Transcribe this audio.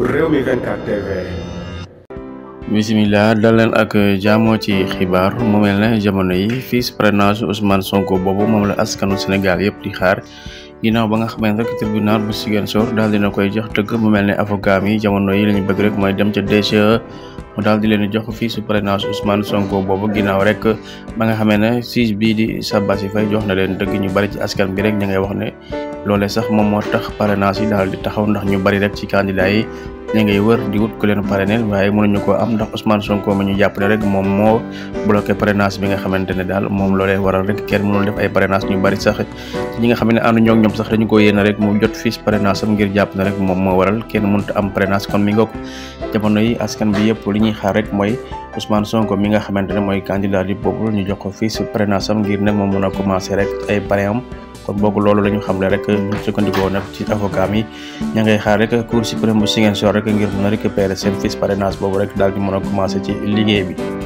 Rewmi 24 leen ak jaamoo ci xibaar mu mel ne jamono yi fiche parrainage Ousmane Sonko boobu moom la askanu Sénégal yëpp di xaar. ginaaw ba nga xamante rek tribunal bu Ziguinchor daal dina koy jox dëgg mu mel ne avocat mi jamono yi la bëgg rek mooy dem ca DGE moo daal di leen jox fii su parrainage Ousmane Sonko boobu ginnaaw rek ba nga xamee ne siis bii di Sabassy Faye jox na leen dëgg ñu bari ci askan bi rek ñu ngay wax ne lolé sax mom mo tax parrainage yi dal di taxaw ndax ñu bari rek ci candidat yi ñi ngay wër di wut ku leen parrainel waaye mënuñu ko am ndax Ousmane Sonko ma ñu jàpp rek mom moo bloqué parrainage bi nga xamante dal mom moom loolee waral rek kër mënu def ay parrainage ñu bari sax ñi nga xam andu ñok ñom sax dañu ko yéna rek mu jot fiis parrainage am ngir japp ne rek mom mo waral kenn mënut am parrainage kon mi ngok jamono yi askan bi yépp li ñi xaar rek moy Ousmane Sonko mi nga xamante moy candidat di bobul ñu jox ko fiis parrainage am ngir nag mom mëna commencé rek ay parrain am kon boog loolu la ñu xam ne rek sukkandikoo nag ci avocat mi ña ngay xaar rek cour suprême bu Ziguinchor rek ngir mën a récupérer seen fiche parrainage boobu rek daal di mën a commencé ci liggéey bi